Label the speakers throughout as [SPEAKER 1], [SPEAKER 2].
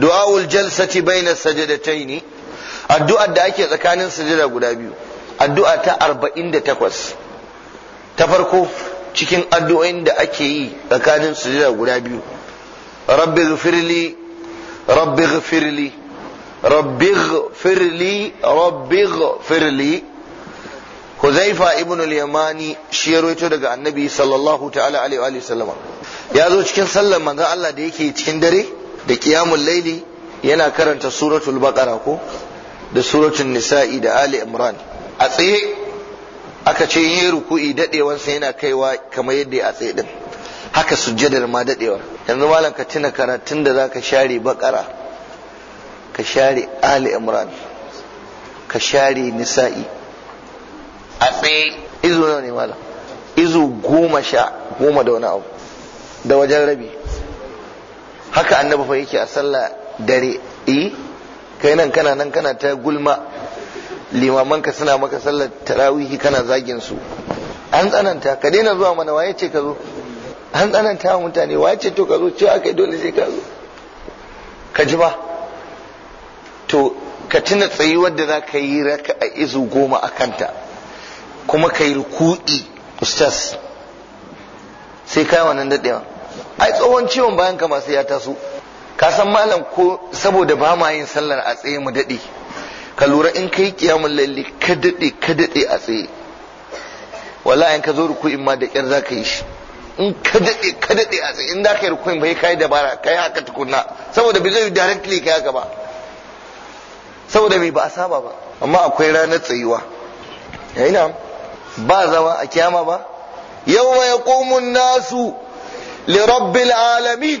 [SPEAKER 1] du'aul jalsati baina sajadataini addu'a da ake tsakanin sujada guda biyu addu'a ta 48 ta farko cikin addu'o'in da ake yi tsakanin sujada guda biyu rabbi ghfirli rabbi ghfirli rabbi ghfirli rabbi ghfirli Huzaifa ibn al-Yamani shi ya rawaito daga Annabi sallallahu ta'ala alaihi wa sallama ya zo cikin sallar manzon Allah da yake cikin dare da kiyamun laili yana karanta suratul baqara ko da suratul nisa'i da ali imran a tsaye aka ce yin ruku'i sa yana kaiwa kamar yadda a tsaye din haka sujjadar ma dadewa yanzu malam ka tuna karatun da zaka share baqara ka share ali imran ka share nisa'i a tsaye izu nawa ne malam izu goma sha goma da wani abu da wajen rabi haka annabi fa yake a sallah dare eh kai nan kana nan kana ta gulma limamanka suna maka sallar tarawihi kana zagin su an tsananta ka daina zuwa mana waye ce ka zo an tsananta wa mutane waye ce to ka zo ce aka dole sai ka zo ka ji ba to ka tuna tsayuwar da za ka yi raka a izu goma a kanta kuma ka yi ruku'i ustaz sai kai wannan daɗewa ai tsohon ciwon bayan ka masu ya taso ka san malam ko saboda ba ma yin sallar a tsaye mu daɗe ka lura in kai kiyamun lalle ka daɗe ka daɗe a tsaye wallahi in ka zo ruku'in ma da ƙyar za ka yi shi in ka daɗe ka daɗe a tsaye in za ka yi ruku'in bai kai dabara kai haka tukunna saboda bai zai directly kai haka ba saboda mai ba a saba ba amma akwai ranar tsayuwa yayin eh, ba zama a kiyama ba yawma yaqumun nasu li rabbil alamin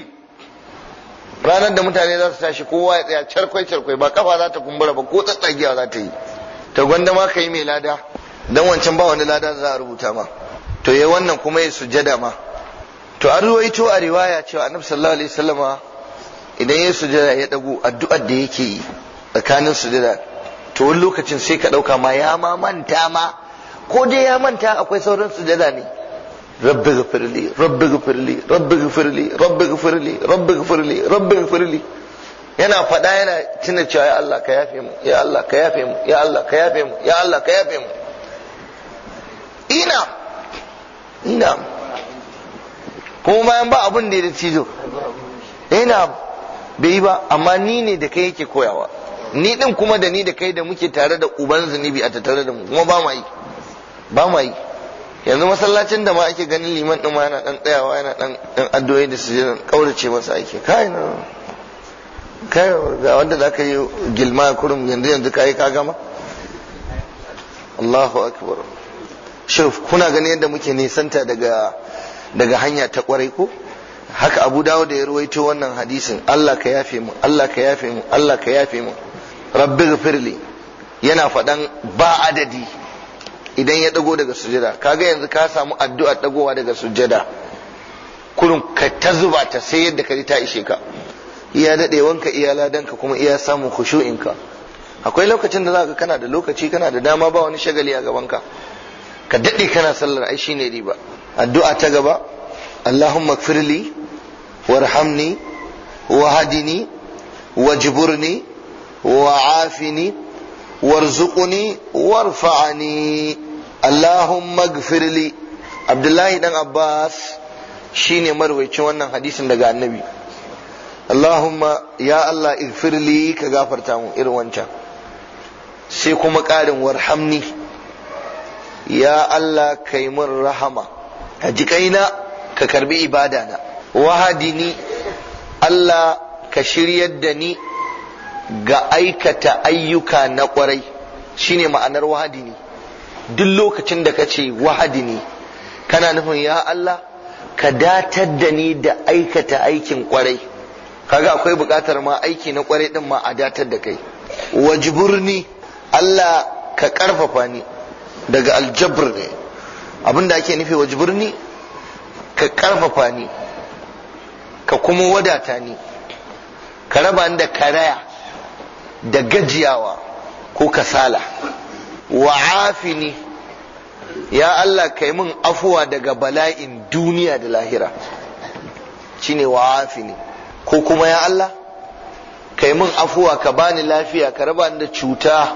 [SPEAKER 1] ranar da mutane za su tashi kowa ya tsaya charkwai charkwai ba kafa za ta kumbura ba ko tsatsagiya za ta yi ta gwanda ma ka yi mai lada dan wancan ba wani lada za a rubuta ma to yi wannan kuma ya sujada ma to an ruwaito a riwaya cewa annabi sallallahu alaihi wasallama idan ya sujada ya dago addu'ar da yake yi tsakanin sujada to wani lokacin sai ka dauka ma ya ma manta ma ko dai ya manta akwai sauran sujada ne رب اغفر لي رب اغفر لي رب اغفر لي رب اغفر لي رب اغفر لي رب اغفر لي yana faɗa yana tuna cewa ya Allah ka yafe mu ya Allah ka yafe mu ya Allah ka yafe mu ya Allah ka yafe mu ina ina kuma bayan ba abun da ya cizo ina bai yi ba amma ni ne da kai yake koyawa ni din kuma da ni da kai da muke tare da uban zunubi a tattare da mu kuma ba ma yi ba ma yi yanzu masallacin da ma ake ganin liman din ma yana dan tsayawa yana dan dan addu'o'i da su kaurace masa ake kai na kai ga wanda zaka yi gilma kurum yanzu yanzu kai ka gama Allahu akbar shuf kuna ganin yadda muke nisanta daga daga hanya ta kwarai ko haka Abu Dawud da ya ruwaito wannan hadisin Allah ka yafe mu Allah ka yafe mu Allah ka yafe mu rabbighfirli yana faɗan ba adadi idan ya dago daga sujada kaga yanzu ka samu addu'a dagowa daga sujada kurun ka ta zuba ta sai yadda ka yi ta ishe ka iya wanka iya ladanka kuma iya samun ka akwai lokacin da zaka kana da lokaci kana da dama ba wani shagali a gaban ka Ka dade kana sallar ai shine riba addu'a ta gaba Allahumma gfirli warhamni wahdini wajburni wa'afini warzuqni warfa'ani allahumma ighfirli abdullahi dan abbas shine marwaicin wannan hadisin daga annabi allahumma ya allah ighfirli ka gafarta mu irin wancan sai kuma ƙarin warhamni ya allah kai mun rahama ka ji kaina ka karbi ibadana wahadini allah ka shiryar da ni ga aikata ayyuka na kwarai shine ma'anar wahadi ne duk lokacin da ka ce wahadi ne kana nufin ya Allah ka datar da ni da aikata aikin kwarai kaga akwai bukatar ma aiki na kwarai din ma a datar da kai ni Allah ka karfafa ni daga aljabr ne abinda ake nufi ni ka karfafa ni ka kuma wadata ni ka raba ni da karaya da gajiyawa ko kasala wa afini ya Allah kai min afuwa daga bala'in duniya da lahira shine wa afini ko kuma ya Allah kai min afuwa ka bani lafiya ka raba da cuta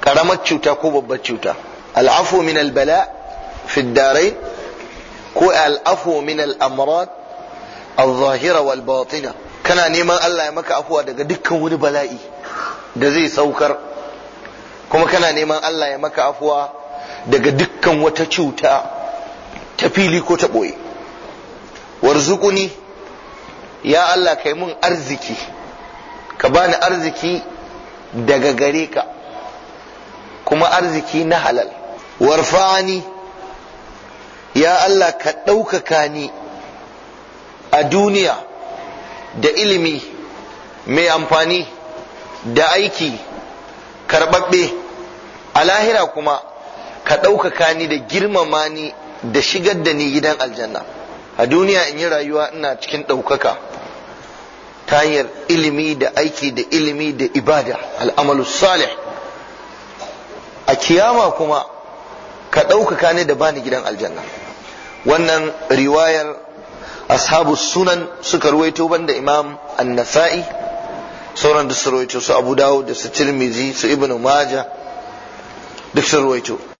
[SPEAKER 1] karamar cuta ko babbar cuta al'afu min al-bala fi ad ko al'afu min al-amrad al-zahira wal batina kana neman Allah ya maka afuwa daga dukkan wani bala'i da zai saukar kuma kana neman Allah ya maka afuwa daga dukkan wata cuta ta fili ko ta ɓoye warzuƙuni ya Allah kai mun arziki ka bani arziki daga gare ka kuma arziki na halal warfa'ani ya Allah ka ɗaukaka ni a duniya da ilimi mai amfani da aiki karɓaɓɓe a lahira kuma ka ɗaukaka ni da girmama ni da shigar da ni gidan aljanna a duniya in yi rayuwa ina cikin ɗaukaka ta hanyar ilimi da aiki da ilimi da ibada al'amalu salih a kiyama kuma ka ɗaukaka ni da bani gidan aljanna wannan riwayar ashabu sunan suka ruwaito banda imam annasa'i. sauran da su rawaito su abu dawo, da su tirmizi su ibnu maja duk su rawaito